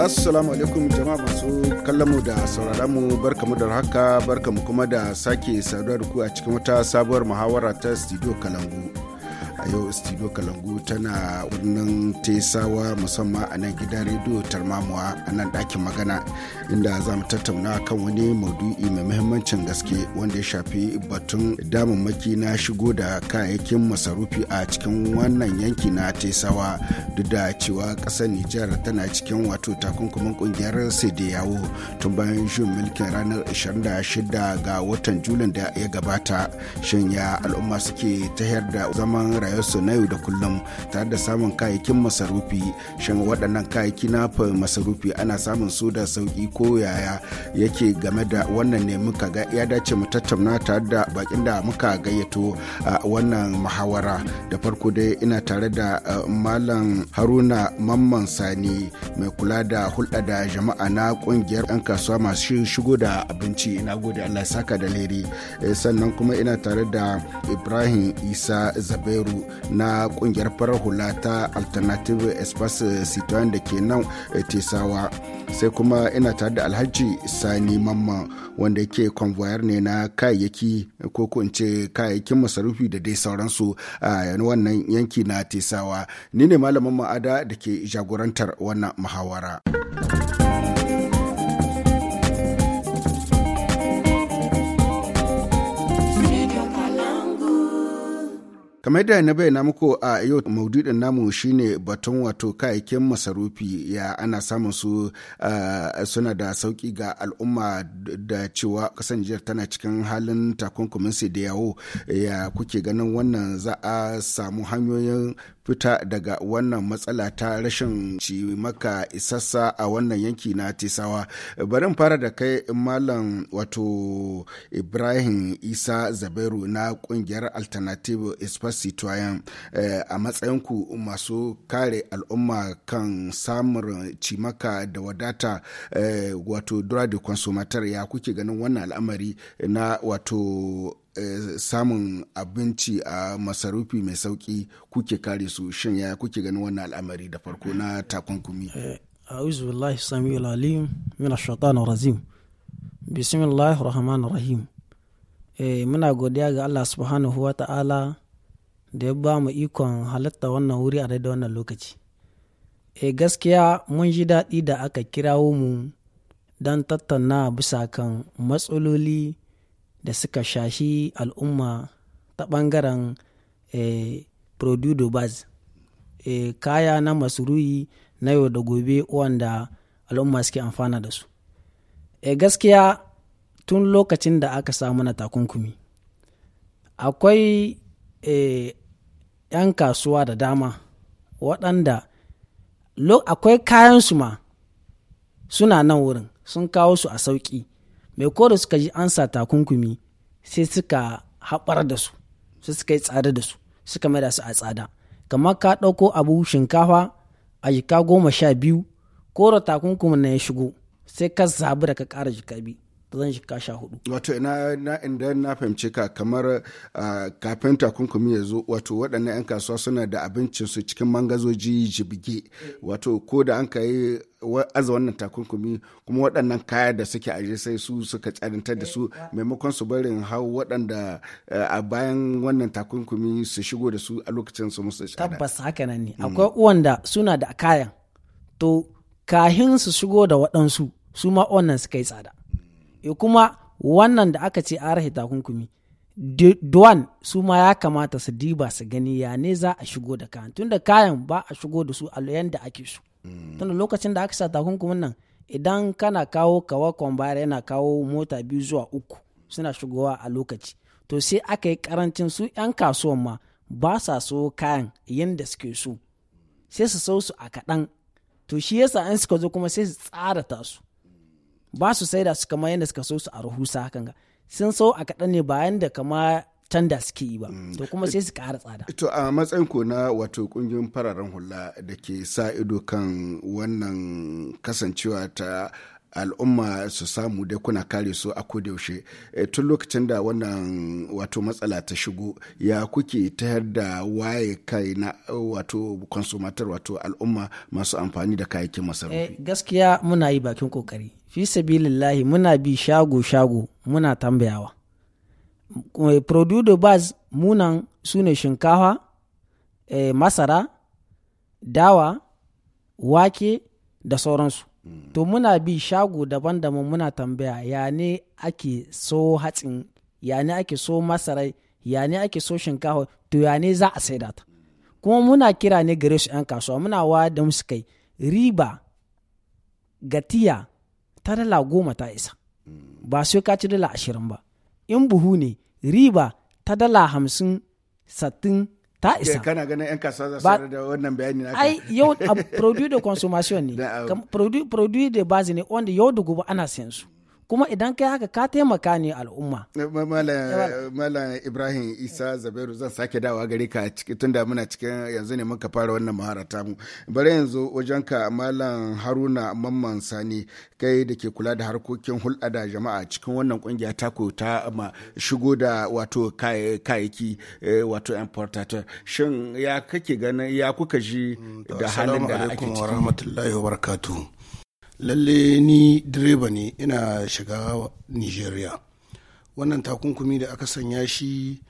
Assalamu alaikum jama'a masu kallonmu da sauraronmu mu da haka barkamu kuma da sake saduwa da ku a cikin wata sabuwar muhawara ta studio Kalangu. a yau studio kalangu tana wannan tesawa musamman a nan gidan rediyo tarmamuwa a nan ɗakin magana inda za mu tattauna kan wani maudu'i mai muhimmancin gaske wanda ya shafi batun damammaki na shigo da kayayyakin masarufi a cikin wannan yanki na tesawa duk da cewa ƙasar nijar tana cikin wato takunkumin kungiyar sai da yawo tun bayan shin mulkin ranar 26 ga watan julin da ya gabata shin ya al'umma suke ta da zaman rayuwarsu na yau da kullum tare da samun kayayyakin masarufi shin waɗannan kayayyaki na masarufi ana samun su da sauƙi ko yaya yake game da wannan ne muka ga ya dace mu tattauna tare da bakin da muka gayyato a wannan muhawara da farko dai ina tare da eh, malam haruna mamman sani mai kula da hulɗa da jama'a na ƙungiyar 'yan kasuwa masu shigo da abinci ina gode allah saka da leri eh, sannan kuma ina tare da ibrahim isa zaberu na kungiyar farar hula ta alternative espace citoyen da ke nan tesawa sai kuma ina tare da alhaji sani mamma wanda yake convoyar ne na kayayyaki ko ko ce kayayyakin masarufi da dai sauransu a wannan yanki na tesawa ni ne malamin ma'ada da ke jagorantar wannan muhawara. kamar da na bayyana muku a yau maududin namu shine batun wato kayayyakin masarufi ya ana samun su suna da sauki ga al'umma da cewa kasan kasanjiyar tana cikin halin takunkumin su da yawo ya kuke ganin wannan za a samu hanyoyin fita daga wannan matsala ta rashin ci maka isassa a wannan yanki na tisawa bari in fara da kai malam wato ibrahim isa zaberu na kungiyar alternative espacitoyen eh, a matsayinku masu kare al'umma kan samun cimaka da wadata eh, wato dura da consumatar ya kuke ganin wannan al'amari na wato Eh, samun abinci a masarufi mai sauki kuke kare su shin ya kuke ganin wannan al'amari da farko na takunkumi eh, a'udhu billahi samiul alim min ash-shaitanir rajim bismillahir rahmanir rahim eh, muna godiya ga Allah subhanahu wa ta'ala da ya ba mu ikon halatta wannan wuri a daidai wannan lokaci Eh gaskiya mun ji daɗi da aka kirawo mu don tattauna bisa kan matsaloli da suka shashi al'umma ta ɓangaren eh, produdo baz eh, kaya na masurui na yau da gobe wanda al'umma suke amfana da su eh, gaskiya tun lokacin da aka samu na takunkumi akwai eh, 'yan kasuwa da dama waɗanda akwai kayansu ma suna nan wurin sun kawo su a sauƙi mai ko suka ji an sa takunkumi sai suka haɓar da su sai suka yi tsada da su suka mai da su a tsada kamar ka ɗauko abu shinkafa a jika goma sha biyu ko takunkumi takunkumin na ya shigo sai ka zabi da ka ƙara jika biyu zan jika sha hudu. Wato ina na inda na fahimci ka kamar kafin takunkumi ya zo wato waɗannan 'yan kasuwa suna da abincinsu cikin mangazoji jibge wato ko da an ka yi aza wannan takunkumi kuma waɗannan kaya da suke aje sai su suka tsarintar da su eh, maimakon su barin hau waɗanda eh, a bayan wannan takunkumi su shigo da su a lokacin su musu tsada tabbas haka nan ne mm. akwai wanda suna da kayan to kahin su shigo da waɗansu su ma wannan suka yi tsada eh, kuma wannan da aka ce an rahe takunkumi duwan su ma ya kamata su diba su gani ya ne za a shigo da kayan tunda kayan ba a shigo da su a yanda ake su tunda lokacin da aka sa takunkumin nan idan kana kawo kawa kwambara yana kawo mota biyu zuwa uku suna shigowa a lokaci to sai aka yi karancin su 'yan kasuwan ma ba sa so kayan yadda suke so sai su so su a kaɗan to shi yasa an suka zo kuma sai su tsara ta su ba su sai da su kama yadda suka so su a rahusa hakan ga sun so a kaɗan ne bayan da kama tanda suke yi ba mm. to kuma sai su kara tsada to a matsayin ko na wato kungiyoyin fararen hula da ke sa ido kan wannan kasancewa ta al'umma su samu dai kuna kare su a kodayaushe eh, tun lokacin da wannan wato matsala ta shigo ya kuke tayar da waye kai na wato consumator wato al'umma masu amfani da kayayyakin masarufi eh, gaskiya muna yi bakin kokari fi sabilillahi muna bi shago shago muna tambayawa Eh, produit de base munan su ne eh, masara dawa wake da sauransu mm. to muna bi shago daban-daban muna tambaya ya ne ake so hatsin ya ne ake so masarai ya ne ake so shinkawa, to ya ne za a saida ta kuma muna kira ne gare su 'yan kasuwa muna wa da musu kai riba gatiya ta dala goma ta isa mm. ba sai ka ci dala ashirin ba in buhu ne riba ta dala hamsin sattin ta isa kana ganin yan kasuwa za su da wannan bayani na ai yau a produit de consommation ne produit de base ne wanda yau da gobe ana sayan su kuma idan kai haka ka taimaka ne al'umma. Eh, Malam Ibrahim Isa Zabiru zan sake dawa gare ka tun da muna cikin yanzu ne muka fara wannan mahara tamu. Bari yanzu wajen ka Malam Haruna Mamman Sani kai da ke kula da harkokin hulɗa da jama'a cikin wannan kungiya ta ko ta ma shigo da wato kayayyaki eh, wato importator. Shin ya kake ganin ya kuka ji mm, da halin da ake ciki. lalle ni direba ne ina shiga nigeria wannan takunkumi da aka sanya shi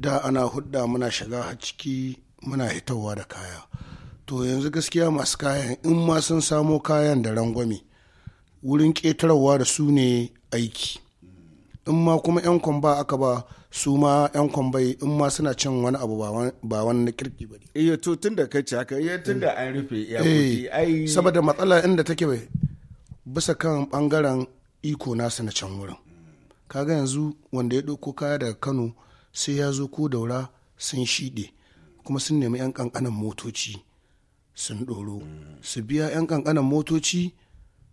da ana hudda muna shiga ciki muna hitowa da kaya to yanzu gaskiya masu kayan in ma sun samo kayan da rangwame wurin ƙetarwa da su ne aiki in ma kuma 'yan kwamba aka ba su ma 'yan kwambai in ma suna cin wani abu ba wani na kirki ba iya eh, to tun da kai haka iya eh, tun da an rufe eh, iya. ai saboda matsala inda take bai bisa kan bangaren iko nasu na can wurin kaga yanzu wanda ya ɗauko kaya daga kano sai ya zo ko daura sun shiɗe kuma sun nemi 'yan ƙanƙanan motoci sun ɗoro su biya 'yan ƙanƙanan motoci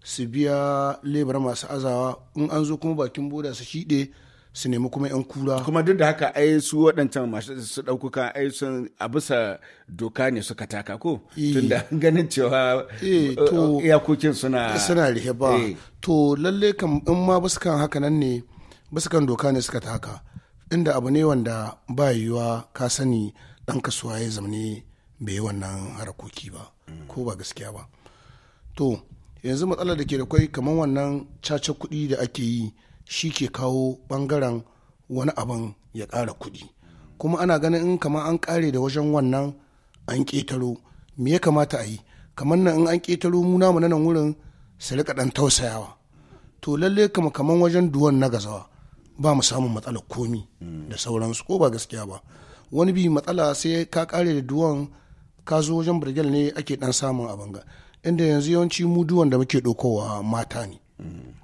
su biya lebar masu azawa in an zo kuma bakin boda su shiɗe su nemi kuma 'yan kura kuma duk da haka ai su waɗancan masu su ɗaukuka ai sun a bisa doka ne suka taka ko eh. tunda ganin cewa eh, iyakokin suna suna rihe eh. to lalle kan in ma basu kan haka nan ne basu kan doka ne suka taka inda abu ne wanda ba yiwuwa ka sani ɗan kasuwa ya zamani bai yi wannan harakoki ba ko ba gaskiya ba to yanzu matsalar da ke da kwai kamar wannan caca kuɗi da ake yi shi ke kawo bangaren wani abin ya ƙara kuɗi kuma ana ganin in kama an ƙare da wajen wannan an ƙetaro me ya kamata a yi kamar nan in an ƙetaro mu namu nan wurin su rika tausayawa to lalle kama kamar wajen duwan na gazawa ba mu samun matsalar komi da sauransu ko ba gaskiya ba wani bi matsala sai ka ƙare da duwan ka zo wajen birgel ne ake ɗan samun abin ga inda yanzu yawanci mu duwan da muke ɗaukowa mata ne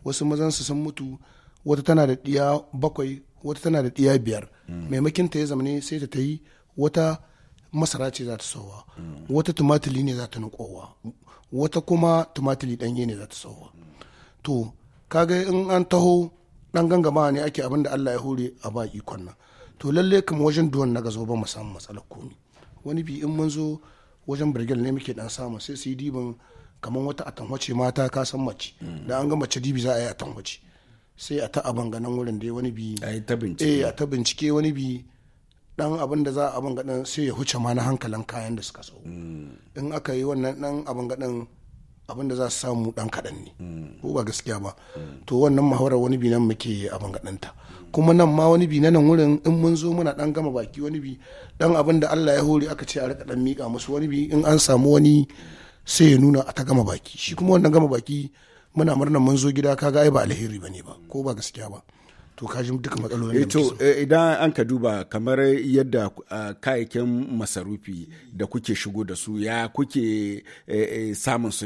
wasu mazan su sun mutu wata tana da ɗiya bakwai wata tana da ɗiya biyar mm. maimakin ta ya ne sai ta yi wata masara ce za ta sowa mm. wata tumatili ne za ta nukowa wata kuma tumatili ɗanye ne za ta sowa mm. to kaga in an taho ɗan gangama ne ake abin da Allah ya hore a ba ikon nan to lallai kuma wajen duwan na gazo ba mu samu matsalar komi wani bi in mun zo wajen birgil ne muke dan samu sai su yi diban kamar wata atanwace mata ka san mace da an ga mace dibi za a yi tanwace sai a ta abin ganin wurin da wani bi eh, a ta bincike wani bi dan abin da za a abin ganin sai ya huce ma na hankalin kayan da suka sau hmm. in aka yi wannan dan abin ganin abin da za su samu dan kaɗan ne hmm. ko ba gaskiya ba hmm. to wannan muhawarar wani bi nan muke abin ta kuma nan ma wani bi nan wurin in mun zo muna dan gama baki wani bi dan abin da Allah ya hore aka ce a rika dan mika musu wani bi in an samu wani sai ya nuna a ta gama baki shi kuma wannan gama baki muna murnan mun zo gida kaga ai ba alheri bane ba ko ba gaskiya ba to ka ji duka matsalolin eh, to eh, idan an ka duba kamar yadda kayayyakin masarufi da kuke shigo da su ya kuke eh, samun su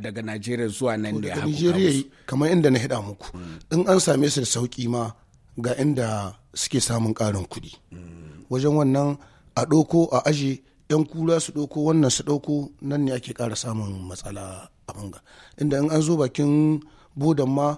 daga Najeriya zuwa nan da Najeriya kamar inda na hida muku hmm. in an same su da sauki ma ga inda suke samun karin kuɗi hmm. wajen wannan a doko a aje 'yan kula su doko wannan su doko nan ne ake kara samun matsala a banga inda in an zo bakin budan ma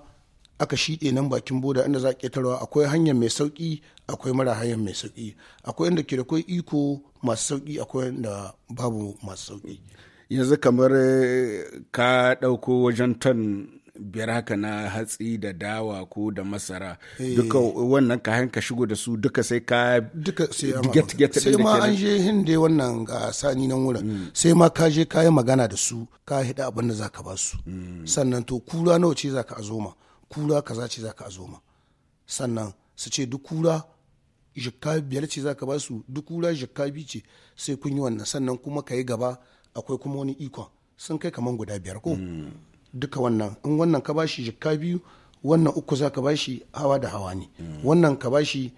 aka shiɗe nan bakin boda inda za a ƙetarwa akwai hanyar mai sauƙi akwai mara hanyar mai sauƙi akwai inda ke da iko masu sauƙi akwai inda babu masu sauƙi yanzu kamar eh, ka ɗauko wajen ton biyar haka na hatsi da dawa ko da masara eh. duka wannan kayan ka shigo da su duka sai ka duka sai ma an je hinde wannan ga sani nan wurin mm. sai ma ka je kayi magana da su ka hida abin da zaka ba su mm. sannan to kura nawa ce zaka ma kura kaza ce zaka ma sannan su ce duk kura jikka biyar ce zaka ba su duk kura jikka bi ce sai kun yi wannan sannan kuma ka yi gaba akwai kuma wani ikon sun kai kaman guda biyar ko mm. duka wannan in wannan ka bashi jikka biyu wannan uku za ka bashi hawa da hawa ne wannan ka bashi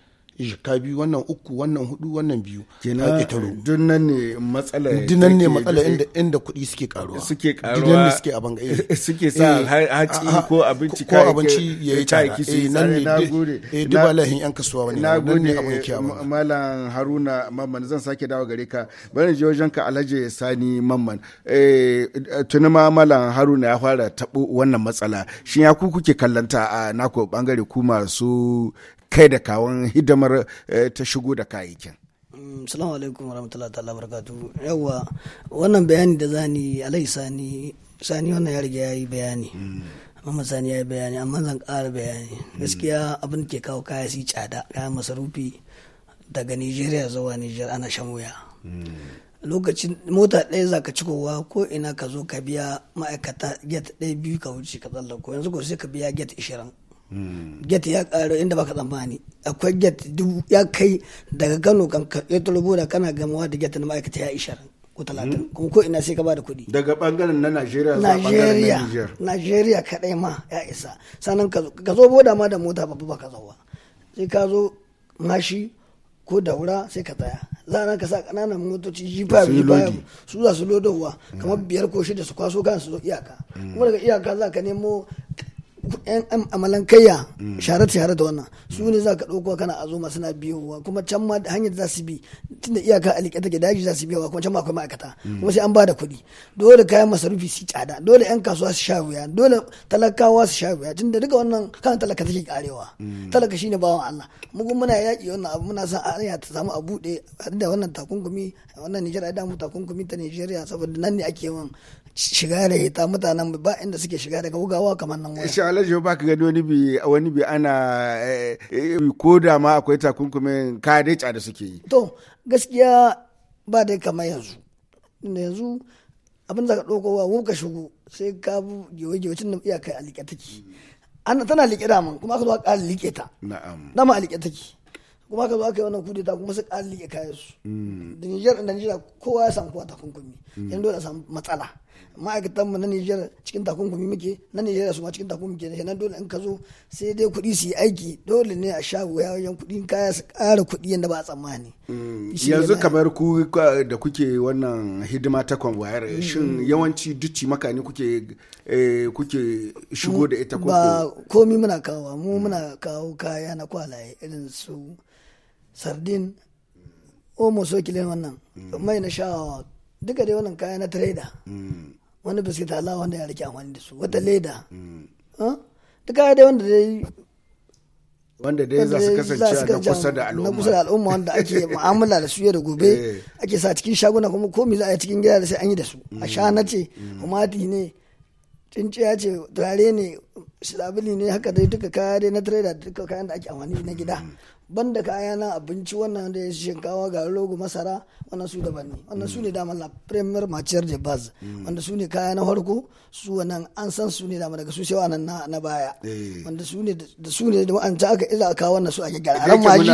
ka biyu wannan uku wannan hudu wannan biyu kenan dinnan ne matsala ne matsala inda inda kuɗi suke karuwa suke karuwa dunnan suke a banga suke sa eh, haci ko abinci ko abinci yayi tsara eh nan ne eh duba lahin yan kasuwa wani nan ne abun yake amma malam haruna mamman zan sake dawo gare ka bari je wajen ka alhaji sani mamman eh tuni ma malam haruna ya fara tabo wannan matsala shin ya ku kuke kallanta a nako bangare ku masu kai da kawon hidimar eh, ta shigo da kayayyakin mm, salamu alaikum warahmatullahi ta'ala barakatu Yawwa wannan bayani da zani alai sani sani wannan ya riga ya yi bayani mm. Amma Sani ya yi bayani amma zan ƙara bayani mm. gaskiya abin ke kawo kaya su tsada kaya masarufi daga Nigeria zuwa Niger ana shan wuya lokacin mota ɗaya za ka ci kowa ko ina ka zo ka biya ma'aikata get ɗaya biyu ka wuce ka tsallako yanzu ko sai ka biya get ishirin get ya karu inda baka tsammani akwai get ya kai daga Gano kan ka tulubu da kana gamawa da get na ma'aikata ya ishirin ko talatin hmm. kuma ko ina sai ka bada kuɗi daga bangaren na najeriya zuwa bangaren na niger najeriya kaɗai ma ya isa sannan ka zo boda ma da mota babu baka zo ba sai ka zo mashi ko daura sai ka tsaya za a ka sa ƙananan motoci jifa jifa su za su lodowa kamar hmm. biyar ko shida su kwaso kan su zo iyaka kuma hmm. daga iyaka za ka nemo yan amalankayya mm. share share da wannan su ne za ka ɗauko kana a zoma suna biyowa kuma can ma hanyar za su bi tunda iyaka a liƙe take daji za su biyowa kuma can ma akwai ma'aikata mm. kuma sai an ba da kuɗi dole kayan masarufi su tsada dole yan kasuwa su sha wuya dole talakawa su sha wuya tunda duka wannan kan talaka take karewa mm. talaka shine bawan Allah mu kuma muna yaƙi wannan abu muna son a ta samu a buɗe da wannan takunkumi wannan Nijar da mu takunkumi ta Nijeriya saboda nan ne ake yawan shiga da ita mutanen ba inda suke shiga daga bugawa kamar nan waya. Insha Allah ba ka gani wani bi wani bi ana eh, eh, ko da ma akwai takunkumin kadeca da suke yi. To gaskiya ba dai kamar yanzu. Yanzu abin da ka ɗauko wa wuka shigo sai ka bu gewe-gewecin nan iyaka a liƙe take. Ana tana liƙe mun kuma aka zo aka liƙe ta. Na'am. Dama a liƙe take. kuma ka zo aka yi wannan kudeta kuma su ƙalli ya kayan su da hmm. nijar da nijar kowa ya samu kowa takunkumi hmm. yan dole a samu matsala ma'aikatan mu na Nijar cikin takunkumi muke na Nijar su ma cikin takunkumi muke nan dole in ka zo sai dai kuɗi su yi aiki dole ne a sha wuya wajen kuɗi kaya su ƙara kuɗi yadda ba a tsammani. Mm, yanzu kamar ku da kuke wannan hidima ta convoyeur mm. shin yawanci duci maka ne kuke eh, kuke shigo mm, da ita ko ba komi muna kawo mu muna kawo kaya na kwalaye irin su sardin omo sokilin wannan mai na sha duka dai wannan kaya na trader mm. wani biskit Allah wanda ya rike amfani da su wata mm. leda mm. duka dai wanda dai wanda dai za su kasance na kusa da al'umma na kusa da al'umma wanda ake mu'amala da su yau da gobe eh. ake sa cikin shaguna kuma komai za a yi cikin gida da sai an yi da su a sha na ce umati ne cinciya ce turare ne shirabili ne haka dai duka kaya dai na trader duka kayan da ake amfani na gida banda kaya na abinci wannan da ya shinkawa ga rogo masara wannan su daban ne wannan su ne dama la premier matcher de base mm. wanda su ne kaya na farko su wannan an san su ne dama daga su sai wannan na na baya eh. wanda su ne da su ne da an ta aka iza aka wannan su a gyararan maji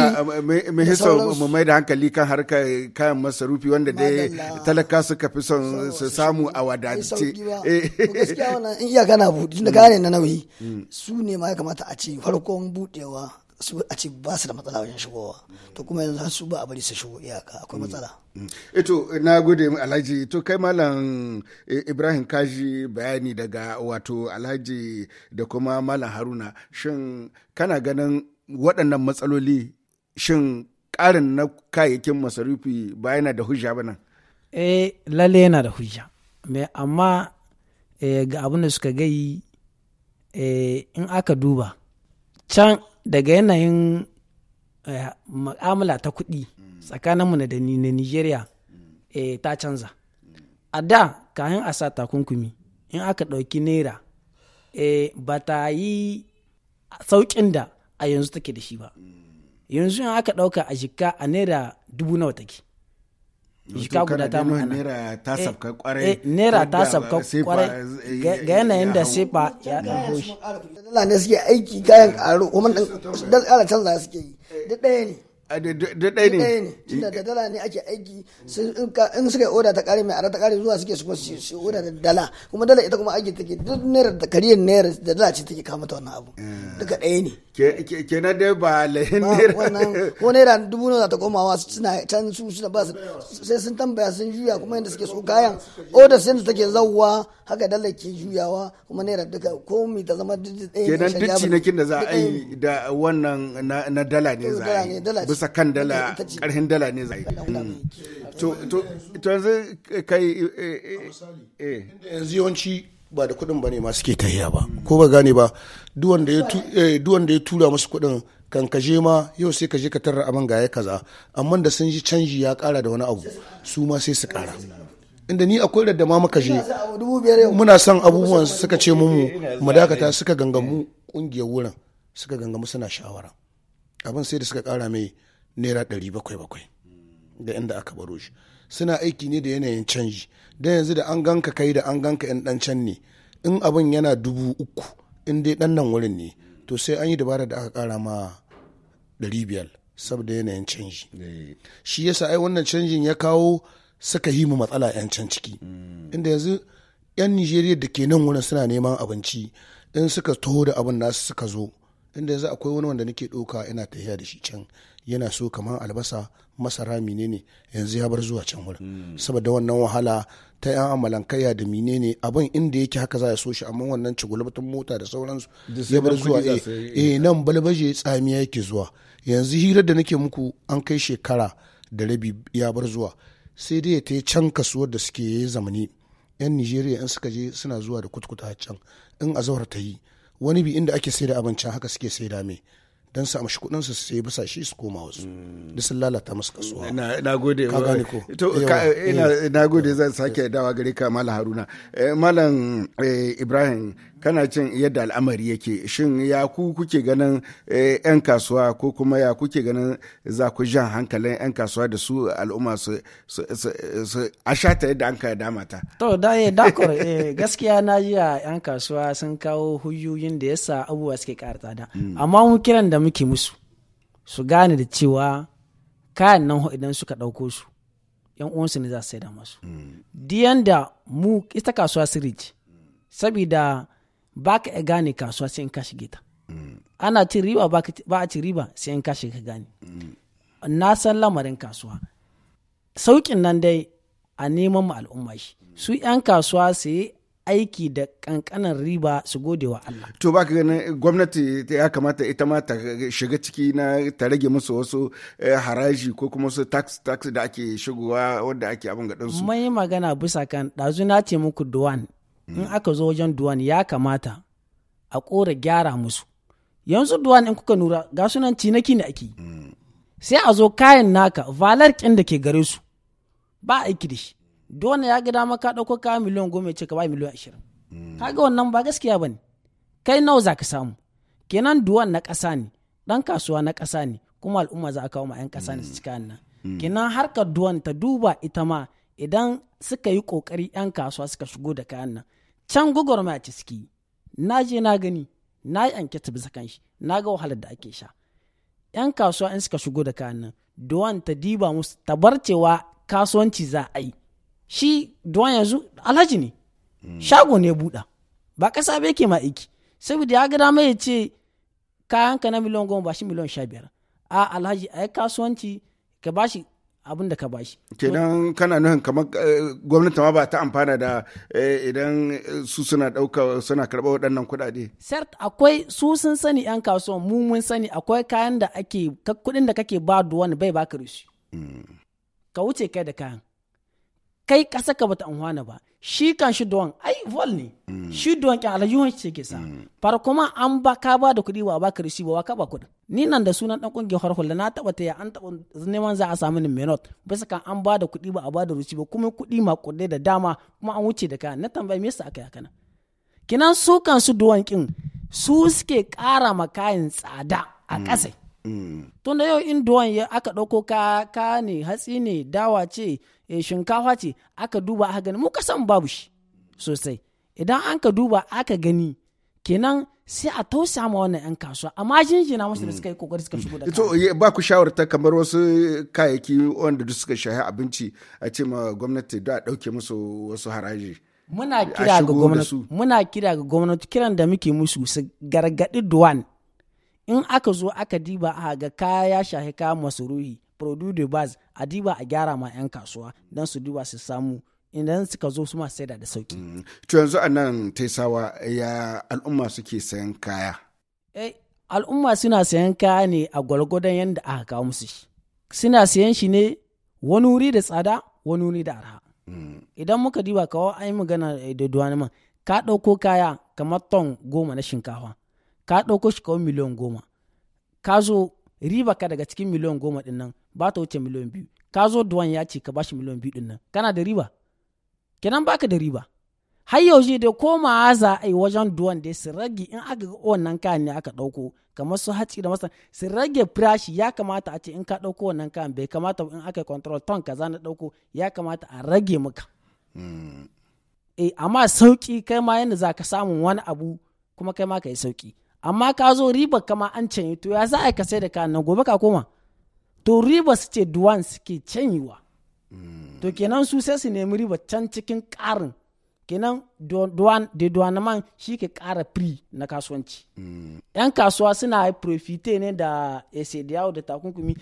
mai eh, hisa mu mai da hankali kan harka kayan masarufi wanda dai talaka suka fi son su samu a wadace eh. gaskiya wannan iya kana na buɗe tunda kaya ne na nauyi mm. su ne ma ya kamata a ce farkon budewa su a ce ba su da matsala wajen shigowa to kuma yanzu su ba a bari su shigo iyaka akwai mm. matsala ito mm. eh na gode alhaji to kai malam eh, ibrahim kaji bayani daga wato alhaji da kuma malam haruna shin kana ganin waɗannan matsaloli shin ƙarin na kayayyakin masarufi ba yana da hujja ba nan eh lalle yana da hujja amma eh, ga abin da suka gai in aka duba can daga yanayin eh, mu'amala ta kuɗi tsakaninmu da na nigeria eh, ta canza a da kayan a sa takunkumi in aka ɗauki naira eh, ba ta yi sauƙin da a yanzu take da shi ba yanzu in aka ɗauka a jikka a naira dubu nawa take jika guda ta mana naira ta eh, sabka kwarai eh, naira ta sabka kwarai eh, ga yanayin da sefa ya dauko shi dala ne suke aiki kayan karo kuma dala canza suke yi duk ɗaya ne ah, da ɗaya ne tunda da dala ne ake aiki in suka yi oda ta kare mai ara ta kare zuwa suke kuma su oda da dala kuma dala ita kuma ake take duk naira da kariyar naira da dala ce take kama ta wannan abu duka ɗaya ne kenan dai ba lahin naira ko naira dubu nawa ta komawa suna can su suna ba su sai sun tambaya sun juya kuma yadda suke so kayan oda sai da take zauwa haka dalar ke juyawa kuma naira duka mi ta zama duk ɗaya kenan duk cinikin da za a yi da wannan na dala ne za a yi bisa kan dala hmm. karhin dala ne za a yi to yanzu eh, kai eh, eh, yanzu yawanci ba da kuɗin ba ne ma suke tahiya ba ko ba gane ba duwanda eh, ya tura musu kuɗin kan ka je ma yau sai ka je ka tarra abin gaya kaza amma da sun ji canji ya kara da wani abu su ma sai su kara. inda ni akwai da ma muka je muna son abubuwan suka ce mu mu dakata suka gangamu kungiyar wurin suka gangamu suna shawara abin sai da suka kara mai naira ɗari bakwai bakwai da inda aka baro shi suna aiki ne da yanayin canji da yanzu da an ganka kai da an ganka yan dan can ne in abin yana dubu uku in dai dan nan wurin ne to sai an yi dabara da aka kara ma 500 saboda yanayin canji eh. shi yasa ai wannan canjin ya kawo suka yi mu matsala 'yan can ciki hmm. inda yanzu 'yan nigeria da ke nan wurin suna neman abinci in suka taho da abin nasu suka zo inda yanzu akwai wani wanda nake ɗauka ina tafiya da shi can yana so kamar albasa masara menene yanzu ya bar zuwa can wurin hmm. saboda wannan wahala ta yan amalankaya da menene abin inda yake haka za a so shi amma wannan cigulbatun mota da sauransu ya bar zuwa eh, eh nan balbaje tsamiya yake zuwa yanzu hirar da nake muku an kai shekara da rabi ya bar zuwa sai dai ya ta can kasuwar da suke zamani yan nigeria in suka je suna zuwa da kutkuta can in a ta yi wani bi inda ake saida abincin haka suke saida mai don su amshi kudin su sai bisa shi su koma wasu da sun lalata musu kasuwa na gode ka gane ko eh. gode zan sake dawa gare ka malam haruna eh, malam eh, ibrahim kana cin yadda al'amari yake shin ya ku kuke ganin eh, 'yan kasuwa ko kuma ya kuke ganin za ku jan hankalin 'yan kasuwa da su al'umma su a shata yadda an kaya dama ta to da ya eh, dakor eh, gaskiya na ji a 'yan kasuwa sun kawo huyoyin da yasa abubuwa suke kara tsada mm. amma mun kiran da muke musu su gane da cewa kayan nan idan suka ɗauko su 'yan uwansu ne za su sai da masu mm. diyan da mu ita kasuwa sirri sabida ba ka iya gane kasuwa sai in ka ana cin riba ba a cin riba sai in ka shiga na san lamarin kasuwa saukin nan dai a neman mu al'umma shi su 'yan kasuwa su yi aiki da kankanan riba su gode wa Allah. To ba ka ganin gwamnati ya kamata ita ma ta shiga ciki na ta rage musu wasu eh, haraji ko kuma su tax tax da ake shigowa wanda ake abin ga su. Mun yi magana bisa kan ɗazu na ce muku Duwan in aka zo wajen duwan ya kamata a kora gyara musu yanzu duwan in kuka nura ga sunan cinaki ne ake sai a zo kayan naka valar kin da ke gare su ba aiki da shi duwan ya gida maka ɗauko kayan miliyan goma ya ce ka ba miliyan ashirin kaga wannan ba gaskiya ba ne kai nawa za ka samu kenan duwan na ƙasa ne ɗan kasuwa na ƙasa ne kuma al'umma za a kawo ma 'yan ƙasa ne su cika nan kenan harkar duwan ta duba ita ma idan suka yi ƙoƙari 'yan kasuwa suka shigo da kayan nan can gwagwarmaya ta suke na je na gani na yi anketa bisa kan shi na ga wahalar da ake sha yan kasuwa in suka shigo da kayan nan duwan ta diba musu ta bar cewa kasuwanci za a yi shi duwan yanzu alhaji ne hmm. shago ne buɗa ba ƙasa bai ke ma aiki saboda ya ga dama ya ce kayanka na miliyan goma ba shi miliyan sha biyar a alhaji a yi kasuwanci ka bashi abin da ka bashi. kenan kana nuhin kamar eh, gwamnati ma ba ta amfana da eh, idan su suna ɗauka suna karɓar waɗannan kuɗaɗe. cert akwai su sun sani yan kasuwan mu mun sani akwai kayan da ake kuɗin da kake ba duwani bai baka rushi. Mm. ka wuce kai da kayan kai ƙasa ka bata amfana ba shi kan shi don ai vol ne mm. shi don kyan alayyuhan ce ke sa mm. far kuma an ba ka ba da kuɗi ba ba ka rishi ba ka ba kuɗi ni nan da sunan dan kungiyar da na taba taya an taba neman za a samu ni menot bisa kan an ba da kuɗi ba a ba da ruci ba kuma kuɗi ma kuɗi da dama kuma an wuce da kaya na tambayi me yasa aka yi haka kinan su kan su duwan kin su suke ƙara ma kayan tsada a mm. ƙasa tunda yau in ya aka ɗauko ka ka ne hatsi ne dawa ce eh, shinkafa ce aka duba aka gani mu kasan babu shi sosai idan an ka duba aka gani kenan sai a tausa ma wannan 'yan kasuwa amma jinjina musu da suka yi kokari suka shigo da ito ba ku shawarta kamar wasu kayayyaki wanda duk suka shahi abinci a ce ma gwamnati da dauke musu wasu haraji muna kira ga gwamnati muna kira ga gwamnati kiran da muke musu su gargadi duwan in aka zo aka diba a ga kaya ya shahi kaya masu ruhi produce de base a diba a gyara ma 'yan kasuwa don su diba su samu idan suka zo su masu saida da sauki. Mm. To yanzu a nan taisawa ya al'umma suke sayan kaya? Eh, al'umma suna sayan kaya ne a gwargwadon yadda aka kawo musu shi. Suna sayan shi ne wani wuri da tsada wani wuri da arha. Mm. Idan muka diba kawo an yi magana eh, da duwani ka ɗauko kaya kamar ton goma na shinkafa ka ɗauko shi kawai miliyan goma ka zo riba ka daga cikin miliyan goma ɗin nan ba ta wuce miliyan biyu ka zo duwan ya ce ka bashi miliyan biyu ɗin nan kana da riba kenan baka da riba har yaushe da koma za a yi wajen duwan da su rage in aka ga wannan kayan ne aka ɗauko kamar su hatsi da masa su rage firashi ya kamata a ce in ka ɗauko wannan kayan bai kamata in aka yi control ton kaza na ɗauko ya kamata a rage maka hmm. eh amma sauki kai ma yadda za ka samu wani abu kuma kai ma ka yi sauki amma ka zo riba kama an canye to ya za a ka sai da ka nan gobe ka koma to riba su ce duwan suke canyewa to kenan su sai su nemi riba can cikin ƙarin kenan da duwanaman shi ke kara firi na kasuwanci yan kasuwa suna profite ne da esediyawo da takunkumi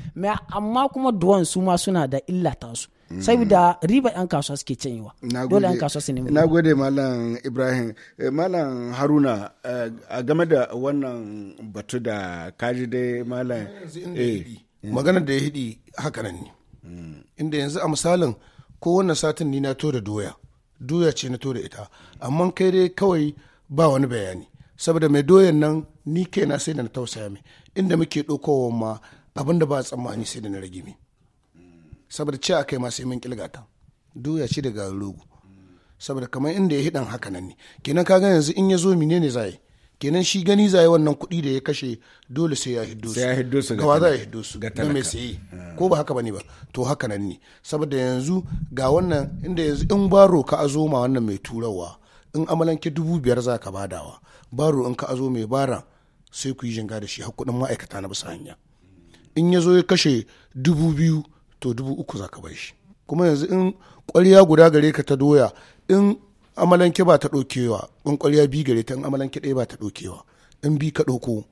amma kuma duwan su ma suna da illa tasu. saboda riba yan kasuwa suke cinyewa dole yan kasuwa su nemi na gode malam ibrahim eh, malam haruna eh, a game da wannan batu da kaji dai malam maganar eh, da ya hidi haka nan ne inda yanzu a misalin wannan satin ni na to da doya doya ce na to da ita amma kai dai kawai ba wani bayani saboda mai doyan nan ni kaina sai da na tausaya mai inda muke ɗaukowa ma abinda ba tsammani sai da na rage mai saboda ce akai ma sai mun kilgata duya ci daga rogo saboda kamar inda ya hidan haka nan ne kenan ka ga yanzu in ya zo ne zai kenan shi gani zai wannan kuɗi da ya kashe dole sai ya hiddo su hiddo su gawa zai ya hiddo su ga mai saye ah. ko ba haka bane ba to haka nan ne saboda yanzu ga wannan inda yanzu in baro ka azo ma wannan mai turawa in amalanke dubu biyar za ka badawa baro in ka azo mai bara sai ku yi jinga da shi har ma'aikata na bisa hanya in ya zo ya kashe dubu biyu to dubu uku za ka bai shi kuma yanzu in ƙwarya guda gare ka ta doya in amalanke ba ta ɗaukewa in ƙwarya bi gare ta in amalanke ɗaya ba ta ɗaukewa in bi ka ɗauko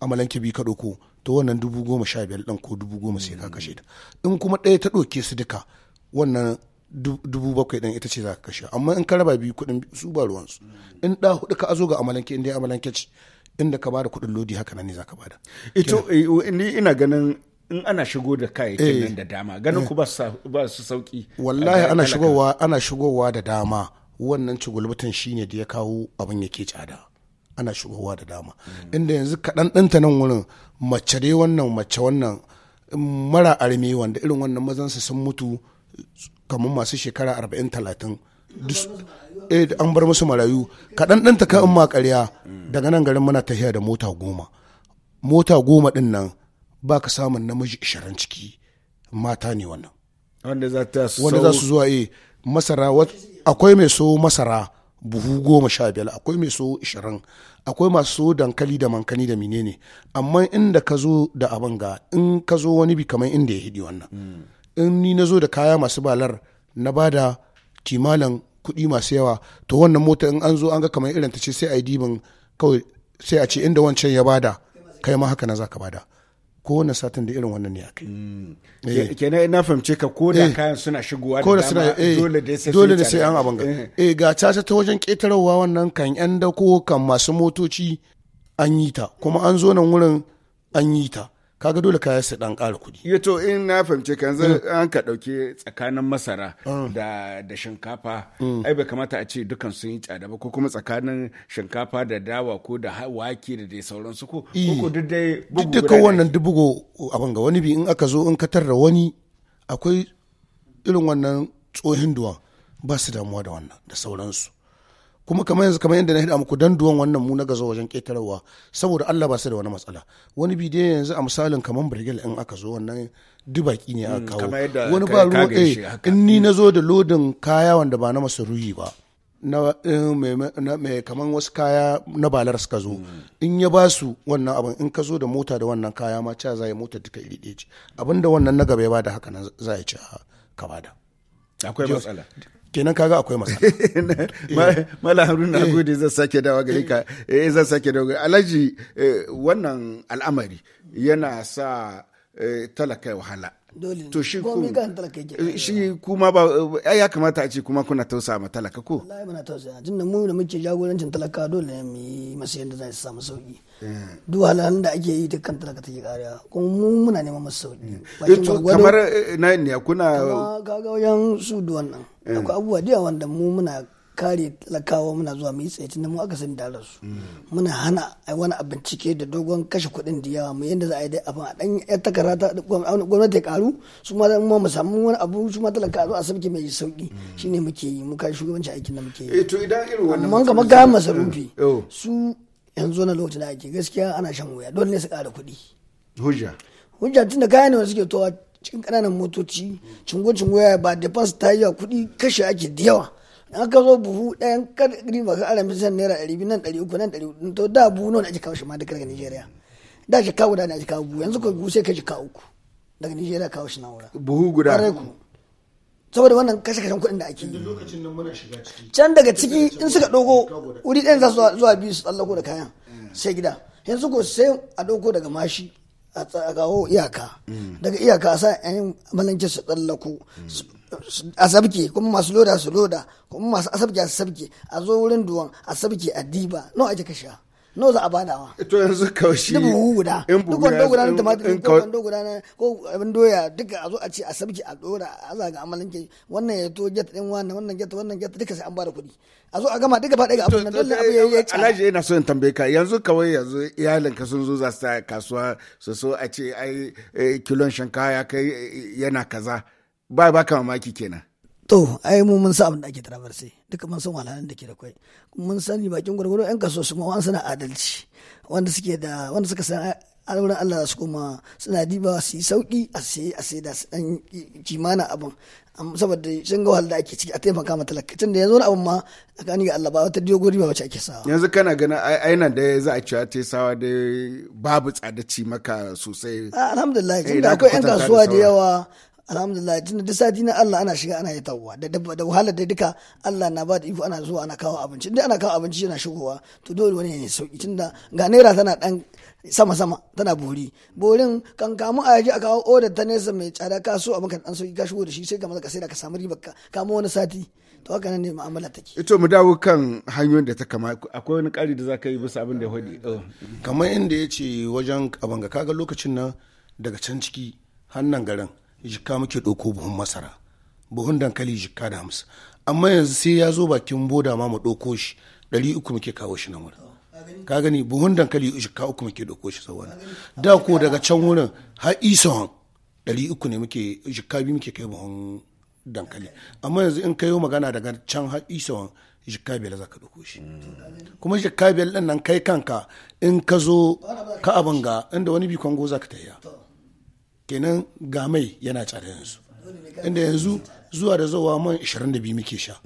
amalanke bi ka ɗauko to wannan dubu goma sha biyar ɗan ko dubu goma sai ka kashe ta in kuma ɗaya ta ɗauke su duka wannan dubu bakwai ɗan ita ce za ka kashe amma in ka raba biyu kuɗin su ba ruwansu in ɗa huɗu ka azo ga amalanke in dai amalanke ce inda ka bada kuɗin lodi haka nan ne za ka bada. ito eh, ni ina ganin in ana shigo da kayayyakin nan eh. da dama ganin ku ba su sauki wallahi ana shigowa ana shigowa da dama wannan cigulbutan shine da ya kawo abin yake tsada ana shigowa da dama mm. inda yanzu kaɗan ɗinta nan wurin mace dai wannan mace wannan mara arme wanda irin wannan mazan su sun mutu kamar masu shekara arba'in talatin eh, an bar musu marayu kaɗan ɗanta ka in ma ƙarya mm. daga nan garin muna tafiya da mota goma mota goma ɗin nan ba ka samun namiji ishirin ciki mata ne wannan wanda za su zuwa yi eh, masara akwai mai so masara buhu goma sha biyar akwai mai so ishirin akwai masu so dankali da mankani da menene amma inda ka zo da abin ga in ka zo wani bi kamar inda ya hidi wannan hmm. in ni na zo da kaya masu balar na bada kimalan kuɗi masu yawa to wannan mota in an zo an ga kamar irin ta ce sai a yi dibin kawai sai a ce inda wancan ya bada kai ma haka na za ka bada kowane satin da irin wannan ne kai. Mm. Eh. kenan na fahimce ka ko da eh. kayan suna shigowa da dama eh, dole da sai dole da sai an abanga eh ga caca ta wajen ketarawa wannan kan yan dako kan masu motoci an yi ta kuma an zo nan wurin an yi ta kaga dole ka yasa dan ƙara kuɗi. Ya to in na fahimce ka yanzu mm. an ka ɗauki tsakanin masara mm. da da shinkafa mm. ai bai kamata a ce dukan sun yi tsada ba ko kuma tsakanin shinkafa da dawa ko da wake da dai sauransu ko ko duk dai bugu da duka wannan dubugo abin ga wani bi in aka zo in ka tarra wani akwai irin wannan tsohin duwa ba su damuwa da wannan da sauransu kuma kamar yanzu kamar yadda na hida muku duwan wannan mu na gazo wajen ketarewa saboda Allah ba su da wani matsala wani bidiyo yanzu a misalin kamar birgil in aka zo wannan dubaki ne aka hmm, kawo wani ba ruwa eh, in ni hmm. na zo da lodin kaya wanda ba na masarufi ba na eh, mai kaman wasu kaya na balar suka zo hmm. in ya ba su wannan abin in ka zo da mota da wannan kaya ma ca za ya mota duka iri ɗaya ce abinda wannan na gaba ya bada haka nan za ya ci ka bada akwai matsala kenan kaga akwai matsala mala haruna gode zan sake dawa gare ka eh zan sake dawa alhaji eh, wannan al'amari yana sa eh, talaka wahala to shi ku eh, shi kuma ba ya kamata a ce kuma kuna tausa ma talaka ko wallahi muna tausa tunda mu da muke jagorancin talaka dole ne mu yi masa yadda zai samu sauki duk halalan da ake yi dukkan talaka take kariya kuma mu muna neman masa sauki kamar na ne kuna kaga wajen su duwan nan akwai abubuwa da wanda mu muna kare lakawa muna zuwa mu yi tsaye tunda mu aka sani da su. muna hana a wani bincike da dogon kashe kuɗin da yawa mu yadda za a yi dai abin a ɗan yar takara ta gwamnati karu su ma da mu samu wani abu su ma talaka a zo a sabke mai sauki shine muke yi mu kai shugabancin aikin da muke yi eh, to idan irin wannan mun kamar ga masarufi su yanzu na lokacin da ake gaskiya ana shan wuya dole ne su ƙara kuɗi hujja hujja tunda kayan ne suke towa cikin ƙananan motoci cingo-cingo ya ba defense ta yi wa kuɗi kashe ake da yawa an ka zo buhu ɗayan kadari ba ka ala misan naira ɗari biyu nan ɗari uku nan ɗari uku to da buhu nawa ake kawo shi ma daga Nijeriya da shi kawo da na ake kawo buhu yanzu ko buhu sai ka ji kawo uku daga Nijeriya kawo shi na wura buhu guda saboda wannan kashe kashen kuɗin da ake yi can daga ciki in suka ɗauko wuri ɗayan za su zuwa biyu su tsallako da kayan sai gida yanzu ko sai a ɗauko daga mashi a tsagawo iyaka daga iyaka a sa yan malanke su tsallaku a sabke kuma masu loda su loda kuma masu asabke a sabke a zo wurin duwan a sabke a diba nawa ake sha. no za a wa eh, to yanzu kaushi dubu buhu guda duk wando guda na tumatir ko wando guda na ko abin doya duk a zo a ce a sabki a dora a za ga ke wannan ya to jet din wannan wannan jet wannan jet duka sai an bada kuɗi a zo a gama duka faɗa ga abin nan dole abu eh, ya ci alhaji yana so in tambaye ka yanzu kawai yanzu iyalin ka sun zo za su kasuwa su so a ce ai eh, kilon shinkafa ya kai yana kaza ba baka mamaki kenan to ai mu mun san abin da ake traverse duka mun san wahalhalun da ke da kwai mun sani bakin gwargwaro yan kaso su ma suna adalci wanda suke da wanda suka san al'amuran Allah su kuma suna diba su yi sauki a sai a sai da su dan kimana abin saboda shin ga wahalar da ake ciki a taimaka ma talakacin da yanzu abin ma a kani ga Allah ba wata gori ba wace ake sawa yanzu kana ganin ainihin da za a cewa ta sawa da babu tsada maka sosai alhamdulillah eh, tunda akwai yan kasuwa da yawa alhamdulillah tunda duk sati na Allah ana shiga ana yatawa da da wahala da duka Allah na ba da iko ana zuwa ana kawo abinci duk ana kawo abinci yana shigowa to dole wani ne sauki tunda ga naira tana dan sama sama tana bori borin kan kamu a yaji a kawo order ta nesa mai tsada ka so abin ka dan sauki ka shigo da shi sai ka maza ka sai da ka samu riba ka kamu wani sati to haka nan ne mu'amala take ito mu dawo kan hanyoyin da ta kama akwai wani kari da za ka yi bisa abin da ya hodi eh, kamar inda ya ce wajen abanga kaga lokacin nan daga can ciki hannan garin jikka muke ɗauko buhun masara buhun dankali jikka da hamsin amma yanzu sai ya zo bakin boda ma mu ɗauko shi ɗari uku muke kawo shi nan wurin ka gani buhun dankali jikka uku muke ɗauko shi sau da ko daga can wurin har ison ɗari uku ne muke jikka biyu muke kai buhun dankali amma yanzu in ka yi magana daga can har ison jikka biyar za ka ɗauko shi kuma jikka biyar ɗin nan kai kanka in ka zo ka abin ga inda wani bikon go za ka tafiya kenan ga mai yana tsada yanzu inda yanzu zuwa da zuwa man 22 muke sha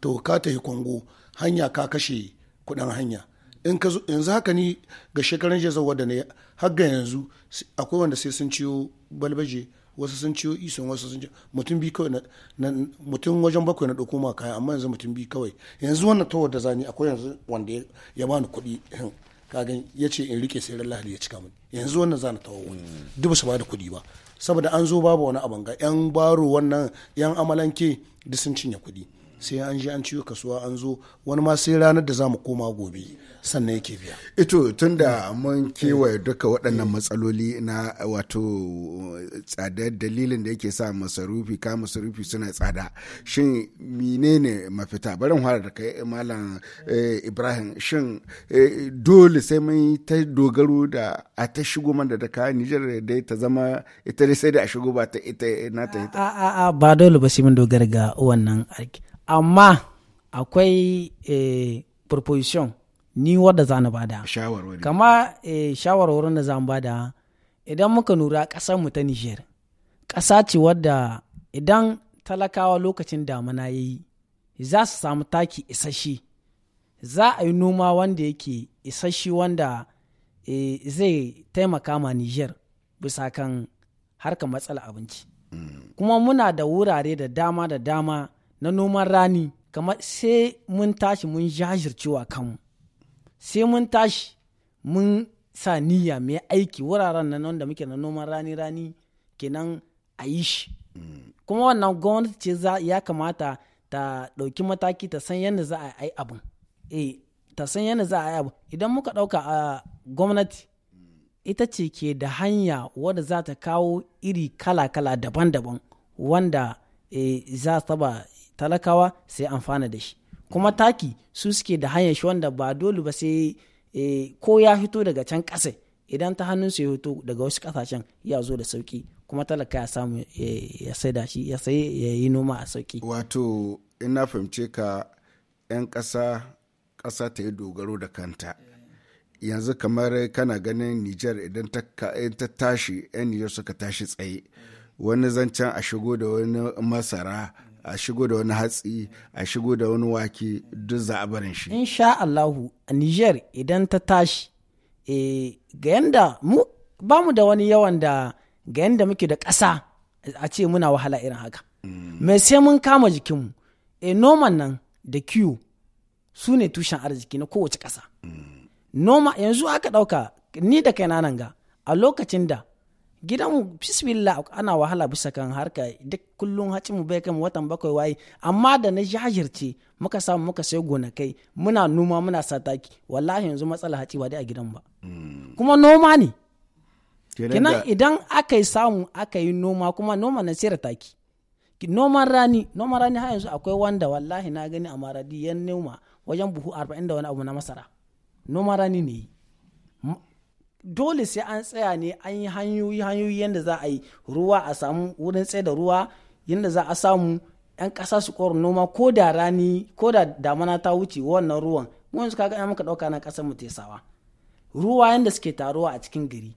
to ka tafi kwango hanya ka kashe kudin hanya in ka yanzu haka ni ga shekaran jiya zawa da na har yanzu akwai wanda sai sun ciyo balbaje wasu sun ciyo ison wasu sun ciyo mutum bi kawai mutum wajen bakwai na ɗauko ma kaya amma yanzu mutum bi kawai yanzu wannan tawar da zani akwai yanzu wanda ya bani kuɗi kagan ya ce in rike sai ran lahadi ya cika mini yanzu wannan zana tawo wani duk su ba da kuɗi ba saboda an zo babu wani abin ga yan baro wannan yan amalanke duk sun cinye kuɗi sai an ji an ciyo kasuwa an zo wani ma sai ranar da za mu koma gobe sannan yake biya ito tunda eh. mun kewaye eh. duka waɗannan eh. matsaloli na wato tsadar dalilin da yake sa masarufi ka masarufi suna tsada shin menene mafita barin hwara da kai malam ibrahim shin dole sai mun ta dogaro da a ta shigo man da ka nijar da ta zama ita sai da a shigo ba ta ita na ta ita ba dole ba sai mun dogara ga wannan aiki amma akwai e, proposition ni wadda za na bada kama e, shawarwarin da za bada idan muka nura ƙasar mu ta Niger ƙasa ce wadda idan talakawa lokacin damana ya yi za su samu taki isasshe za a yi noma wanda yake isasshe wanda e, zai taimaka ma Niger bisa kan harka matsala abinci. Mm. Kuma muna da wurare da dama da dama na noman rani kamar sai mun tashi mun jajircewa kanmu sai mun tashi mun sa niyya mai aiki wuraren nan wanda muke na noman rani rani kenan a yi shi kuma wannan gwamnati ce ya kamata ta ɗauki mataki ta san yadda za a yi abin eh ta san yadda za a yi abin idan muka ɗauka a gwamnati ita ce ke da hanya wadda za ta kawo iri kala-kala daban-daban wanda eh, za ta ba talakawa sai amfana da shi kuma taki su suke da hanyar shi wanda ba dole ba sai eh, ko ya fito daga can kasa idan ta hannun su ya fito daga wasu ƙasashen ya zo da sauki kuma talaka ya samu ya sai da shi ya sai ya yi noma a sauki wato ina fahimce ka 'yan ƙasa ƙasa ta yi dogaro da kanta yanzu kamar kana ganin niger idan ta tashi 'yan niger suka tashi tsaye wani zancen a shigo da wani masara a shigo da wani hatsi a shigo da wani wake duk za a barin shi insha Allahu a Niger idan ta tashi e, ga yanda mu ba mu da wani yawan da ga yanda muke da ƙasa a ce muna wahala irin haka mai mm. sai mun kama jikinmu e noman nan da kiwo su ne tushen arziki na kowace ƙasa mm. noma yanzu aka ɗauka ni da kaina nan ga a lokacin da gidanmu bismillah ana wahala bisa kan harka duk kullum hacin mu bai kan watan bakwai waye amma da na jajirce muka samu muka sai gonakai muna noma muna sataki wallahi yanzu matsala haci ba dai a gidan ba hmm. kuma noma ne kenan idan aka yi samu aka yi noma kuma noma na sai taki noman rani noman rani har yanzu akwai wanda wallahi na gani a maradi yan noma wajen buhu arba'in da wani abu na masara noman rani ne dole sai an tsaya ne an yi hanyoyi hanyoyi yadda za a yi ruwa a samu wurin tsaye da ruwa yadda za a samu 'yan kasa su kora noma ko da rani ko da damana ta wuce wannan ruwan wani suka ga muka dauka na kasa mu tesawa ruwa yadda suke taruwa a cikin gari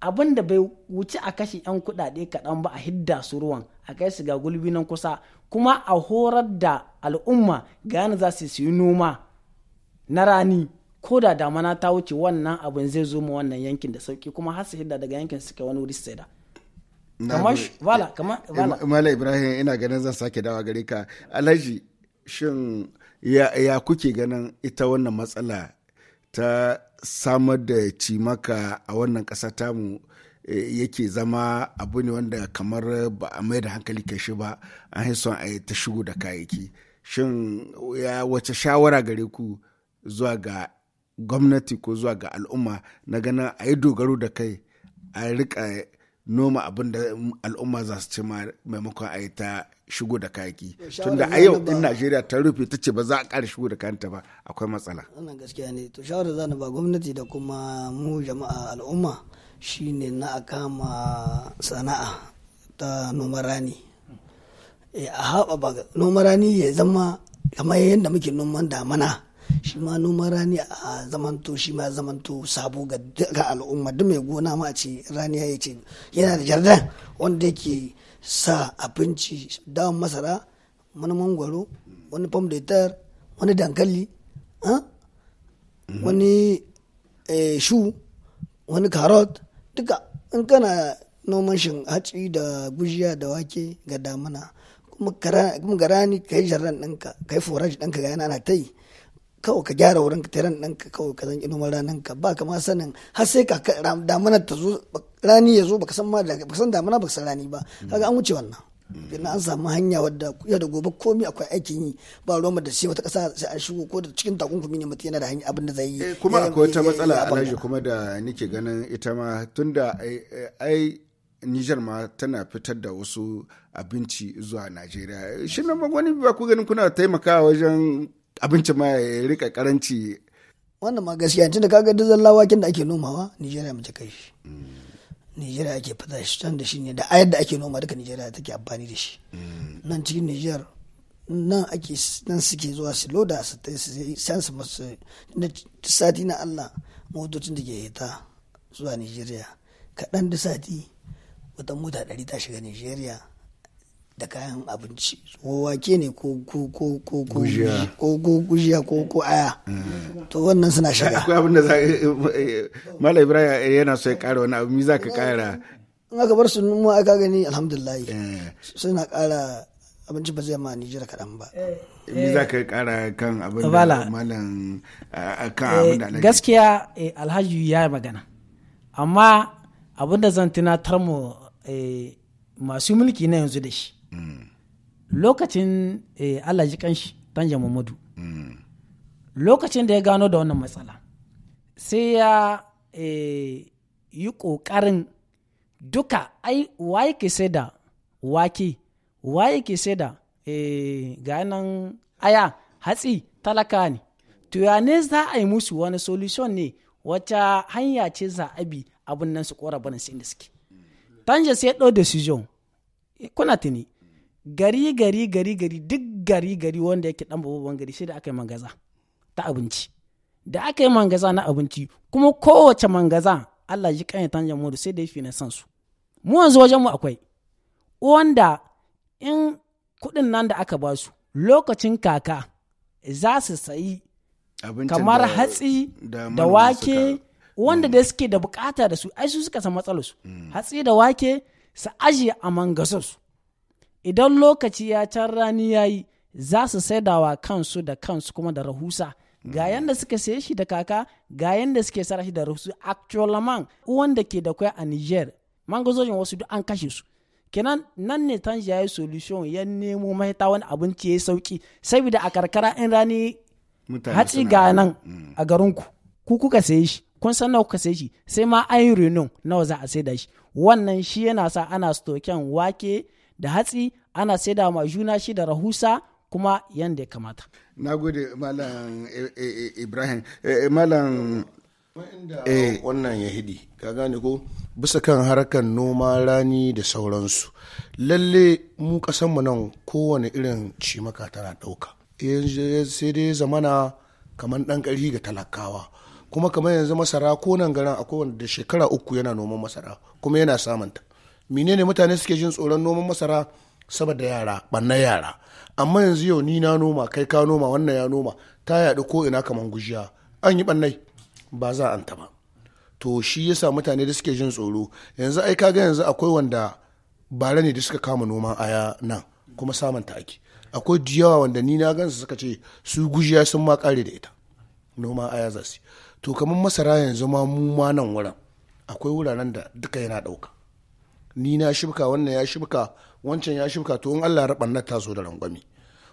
abin da bai wuce a kashe 'yan kuɗaɗe kaɗan ba a hidda su ruwan a kai su ga gulbi nan kusa kuma a horar da al'umma ga yana za su yi noma na rani ko da damana ta wuce wannan abin zai zo ma wannan yankin da sauki kuma har su hidda daga yankin suka wani wuri sai da kamar eh, mala ibrahim ina ganin zan sake dawa gare ka alhaji shin ya kuke ganin ita wannan matsala ta samar da cimaka a wannan ƙasa tamu eh, yake zama abu ne wanda kamar ba a mai da hankali kan shi ba an son a ta shigo da kayayyaki shin ya wace shawara gare ku zuwa ga gwamnati ko zuwa ga al'umma na ganin a yi dogaro da kai a rika noma abin da al'umma za su ci maimakon a yi ta shigo da kayaki tunda a yau in najeriya ta rufe ta ce ba za a ƙara shigo da kayanta ba akwai matsala wannan gaskiya ne to shawara za ba gwamnati da kuma mu jama'a al'umma shine na a kama sana'a ta noman rani eh, a haɓa ba noma rani ya zama kamar yadda muke noman damana shi ma noman rani a zamanto shi ma zamanto sabo ga al'umma duk mai gona ma ce rani ya ce yana da jardin wanda yake sa abinci dawon masara wani mangwaro wani pom wani dankali ah, wani eh, shu wani carrot duka in kana noman shin hatsi da gujiya da wake ga damuna kuma gara ni ka yi jarran ɗinka ka yi forage ɗinka ga yana ta yi kawai ka gyara wurin ka tiran ɗan ka kawai ka zan noman ranar ka ba ka ma sanin har sai ka damana ta zo rani ya zo baka san ma baka san damana baka san rani ba kaga an wuce wannan kenan an samu hanya wadda yau da gobe komai akwai aikin yi ba roma da shi wata kasa sai an shigo ko da cikin takunkumi ne mutum yana da hanyar abin da zai yi eh, kuma eh, akwai wata eh, matsala alhaji kuma da nake ganin ita ma tunda ai Nijar ma tana fitar da wasu abinci zuwa Najeriya. Shin nan wani ba ganin kuna taimakawa wajen abinci ma ya rika karanci wannan ma gaskiya tunda kaga dizan lawakin da ake nomawa Nijeriya mace kai shi hmm. Nijeriya ake fita shi can da shi ne da ayar da ake noma duka Nijeriya take amfani da shi hmm. nan cikin Nijar nan ake nan suke zuwa su loda su ta su san su masu na sati na Allah motocin da ke hita zuwa Nijeriya kaɗan da sati wata mota ɗari ta shiga Nijeriya da kayan abinci wake ne ko gujiya ko ko aya to wannan suna shiga akwai abin da za mala ibrahim eh, yana so ya kara wani abu mi za ka kara in aka bar su numu aka gani alhamdulillah eh. suna kara abinci ba zai ma Nijar kaɗan ba. mi za ka kara kan abin da malam kan eh, abin da Gaskiya Alhaji ya yi magana. Amma abin da zan tunatar mu masu mulki na yanzu da shi. lokacin eh, Allah ji kanshi tanja mamadu lokacin da ya gano da wannan matsala sai ya eh, yi ƙoƙarin duka ai waye ke sai da wake waye ke sai da eh, ga nan aya hatsi talaka ne tuyane za a yi musu wani solution ne wata hanya ce za a bi abin nan su kora sai da suke tanja sai ɗau decision kuna tuni gari gari gari gari duk gari gari wanda yake dan babban gari shi da aka yi mangaza ta abinci da aka yi mangaza na abinci kuma kowace mangaza Allah ji kan ya tanja mu sai da yafi na san su mu yanzu wajen mu akwai wanda in kudin nan da aka ba su lokacin kaka za su sayi kamar hatsi da wake wanda mm. da suke da bukata da su ai su suka san matsalar su mm. hatsi da wake su ajiye a mangasar su idan lokaci ya can rani ya yi za su saidawa kansu da kansu kuma da rahusa ga mm. yanda suka saye shi da kaka ga yanda suke sara shi da rahusa actual man wanda ke da kwai a niger mangazojin wasu duk an kashe su kenan nan ne tan ya yi solution ya nemo mahita wani abinci ya sauki saboda a karkara in rani hatsi ga nan mm. a garinku ku kuka saye shi kun san nawa kuka saye shi sai ma an yi renon nawa za a saida shi wannan shi yana sa ana stoken wake da hatsi ana saida ma juna shi da rahusa kuma yadda ya kamata. Na gode Malam e, e, e, Ibrahim. Malam wannan yahidi ka gane ko bisa kan harkar noma rani da sauransu lalle mu kasanmu nan kowane irin cimaka tana ɗauka sai dai zamana kamar ɗan ƙari ga talakawa kuma kamar yanzu masara ko nan garin akwai wanda da shekara uku yana noman masara kuma yana samunta menene mutane suke jin tsoron noman masara saboda yara ɓannan yara amma yanzu yau ni na noma kai ka noma wannan ya noma ta yaɗu ko ina kaman gujiya an yi ɓannai ba za an ba to shi yasa mutane da suke jin tsoro yanzu ai kaga yanzu akwai wanda bare ne da suka kama noman aya nan kuma samun ake akwai diyawa wanda ni na gansu suka ce su gujiya sun ma kare da ita noman aya za su to kamar masara yanzu ma mu ma nan wurin akwai wuraren da duka yana ɗauka ni na shibka wannan ya shibka wancan ya shibka to in Allah ya ta taso da rangwami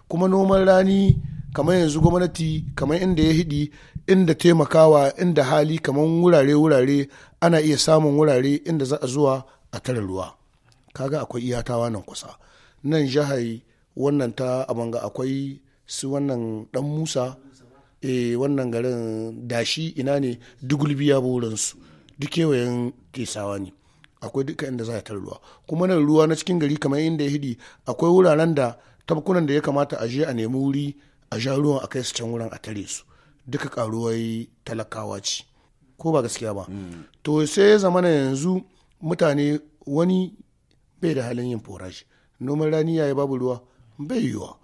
kuma noman rani kamar yanzu gwamnati kamar inda ya hidi inda taimakawa inda hali kamar wurare wurare ana iya samun wurare inda za a zuwa a tara ruwa kaga akwai iyatawa nan kusa nan jihar wannan ta abanga akwai su wannan dan musa e wannan garin dashi ina ne dugulbiya burinsu duk kewayen tesawa ne akwai duka inda za a tar ruwa kuma nan ruwa na cikin gari kamar inda ya hidi akwai wuraren da tabkunan da ya kamata a je a nemi wuri a sha ruwan a kai su can wurin a tare su duka karuwai talakawa ce ko ba gaskiya ba hmm. to sai ya zama yanzu mutane wani bai da halin yin forage noman rani yayi babu ruwa bai yiwa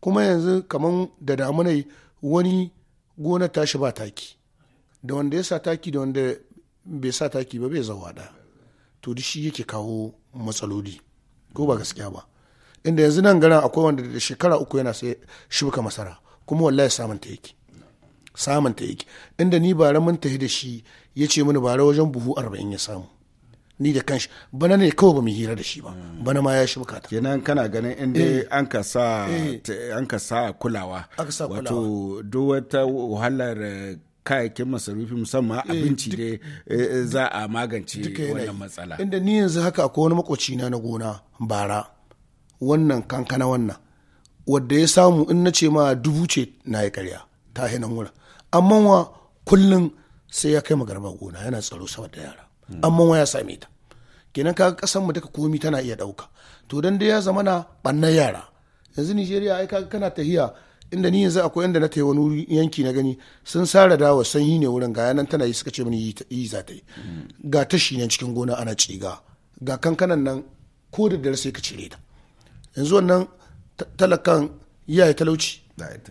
kuma yanzu kamar da damunai wani gona tashi ba taki da wanda ya sa taki da wanda bai sa taki ba bai zawa da. to shi yake kawo matsaloli ko ba gaskiya ba inda yanzu nan gana akwai wanda da shekara uku yana sai shuka masara kuma wallahi samun ta yake samun ta yake inda ni bara mun tafi da shi ya ce mini bara wajen buhu arba'in ya samu ni da kanshi bana ne kawai ba mu hira da shi ba bana ma ya shi bukata kenan kana ganin in dai eh. an ka sa eh. an ka sa kulawa wato duk wata wahalar eh, kayayyakin masarufi musamman eh, abinci dai eh, eh, za a magance wannan matsala inda ni yanzu haka akwai wani makwaci na gona bara wannan kankana wannan wadda ya samu in na ce ma dubu ce na ya karya ta hina wurin amma wa kullum sai ya kai magarba gona yana tsaro saboda da yara hmm. amma wa ya same ta kenan kaga kasan mu duka komi tana iya dauka to dan dai ya zamana bannan yara yanzu Nigeria ai kaga kana tahiya inda ni yanzu akwai inda na ta wani yanki na gani sun sara dawa sanyi ne wurin ga yanan tana yi suka ce mini yi za ta yi mm. ga tashi ne cikin gona ana ciga ga kankanan nan ko da dare sai ka cire ta yanzu wannan talakan ya talauci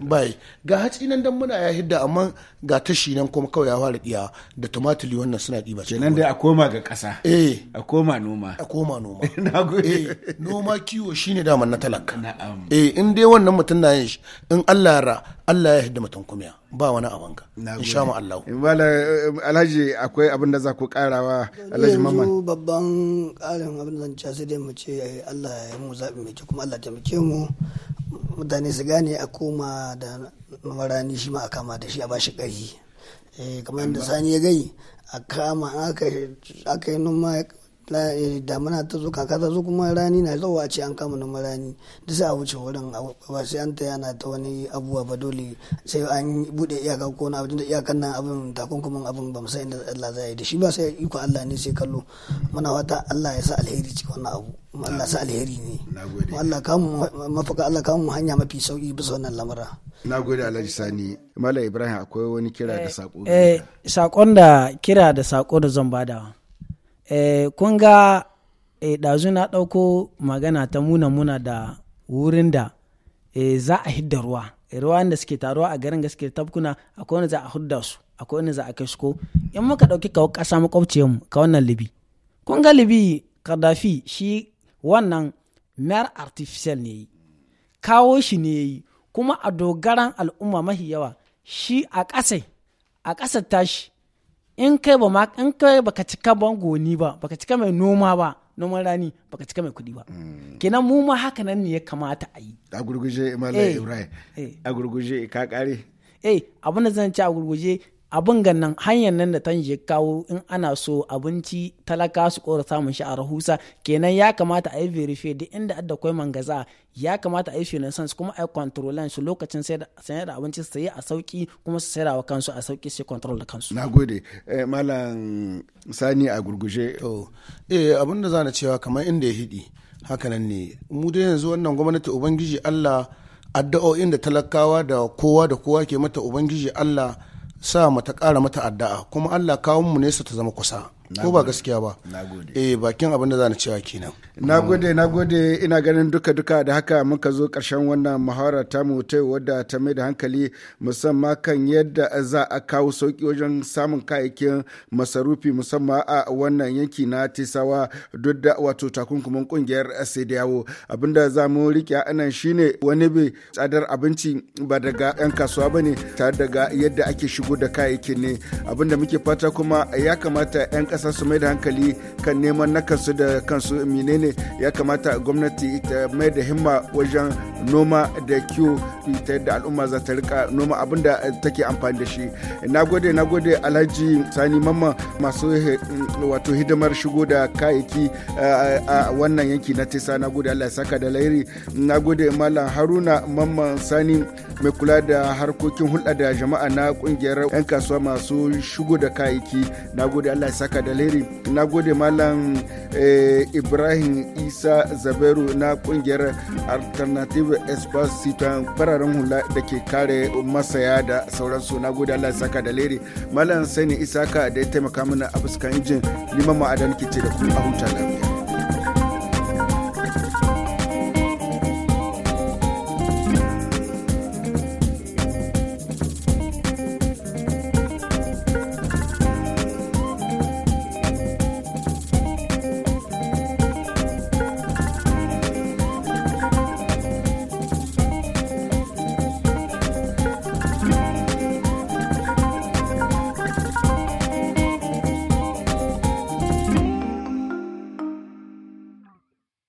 bai ga hatsi nan dan muna ya hidda amma ga tashi nan kuma kawai ya fara diya da tumatuli wannan suna diba ce nan dai a koma ga ƙasa eh a koma noma a koma noma gode eh, noma kiwo shine da na talaka na'am eh in dai wannan mutum na yin shi in Allah ya ra Allah ya hidda mutum kuma ba wani abin ka insha mu Allah bala eh, eh, alhaji akwai abin da za ku karawa alhaji mamman yanzu babban karin abin da zan ci sai dai mu ce Allah ya mu zabi mai kuma Allah ya taimake mu mutane su gane a koma da marani shi ma a kama da shi a bashi ƙarfi eh, kamar da sani ya gai a kama aka yi noma Eh, damuna ta zo kaka ta zo kuma rani na zuwa a ce an kama numar rani duk sai a wuce wurin ba sai an taya na ta wani abubuwa ba dole sai an bude iyaka ko na abin da iyakan nan abin takunkumin abin ba musa inda Allah zai yi da shi ba sai iko Allah ne sai kallo muna fata Allah ya sa alheri cikin wannan abu Allah sa alheri ne Allah kamu mafaka Allah kamu hanya mafi sauki bisa wannan lamura na gode Alhaji Sani Malam Ibrahim akwai wani kira da sako eh sakon eh, da kira da sako da zan badawa Eh, kun ga eh, ɗazu na ɗauko magana ta muna muna da wurin da eh, za a hidda ruwa ruwan da suke taruwa a garin gaske tafkuna akwai wani za a hudda su akwai wani za a kai su ko in muka ɗauki kawo ƙasa makwabciyarmu ka wannan libi kun ga libi kardafi shi wannan mayar artificial ne yi kawo shi ne yi kuma a dogaran al'umma mahi yawa shi a ƙasa tashi in kai ba ma in kai baka cika ban ba baka cika mai noma ba noman rani baka cika mai kudi ba mm. kenan mu ma haka nan ne ya kamata a yi a gurguje imala eh, ibrahim eh. a gurguje ka kare eh abin da zan ci a gurguje abin gannan hanyar nan da ta tanje kawo in ana so abinci talaka su kora samun shi a rahusa kenan ya kamata a yi verife duk inda adda kwai mangaza ya kamata a yi finansan kuma a yi kontrolan su lokacin sayar da abinci su sayi a sauki kuma su sayarwa kansu a sauki sai kontrol da kansu na gode eh, malam sani a gurguje eh abin da zana cewa kamar inda ya hidi hakanan ne mu dai yanzu wannan gwamnati ubangiji Allah addu'o'in da talakawa da kowa da kowa ke mata ubangiji Allah sa mata ƙara mata addu'a kuma Allah kawo mu nesa ta zama kusa ko ba gaskiya ba e bakin abin da za na cewa kenan na gode na gode ina ganin duka duka da haka muka zo karshen wannan muhawara ta mu ta wadda ta mai da hankali musamman kan yadda za a kawo sauki wajen samun kayayyakin masarufi musamman a wannan yanki na tisawa duk da wato takunkumin kungiyar sai da yawo abinda za mu rike nan shine wani bi tsadar abinci ba daga yan kasuwa ba ne tare daga yadda ake shigo da kayayyakin ne abinda muke fata kuma ya kamata yan kasa su mai da hankali kan neman na kansu da kansu menene ya kamata gwamnati ta mai da himma wajen noma da kiwo ta yadda al'umma za ta rika noma abin da take amfani da shi na gode na gode alhaji sani mamma masu wato hidimar shigo da kayayyaki a wannan yanki na tesa na gode allah ya saka da lairi na gode malam haruna mamman sani mai kula da harkokin hulɗa da jama'a na kungiyar 'yan kasuwa masu shigo da kayayyaki na gode allah ya saka da Daleri. na gode malam eh, ibrahim isa zaberu na kungiyar alternative espace citan fararen hula da ke kare masaya da sauransu na gode allah saka da malam sani isaka da ya taimaka mana a fuskan injin liman ma'adan ke ce da kuma a huta lafiya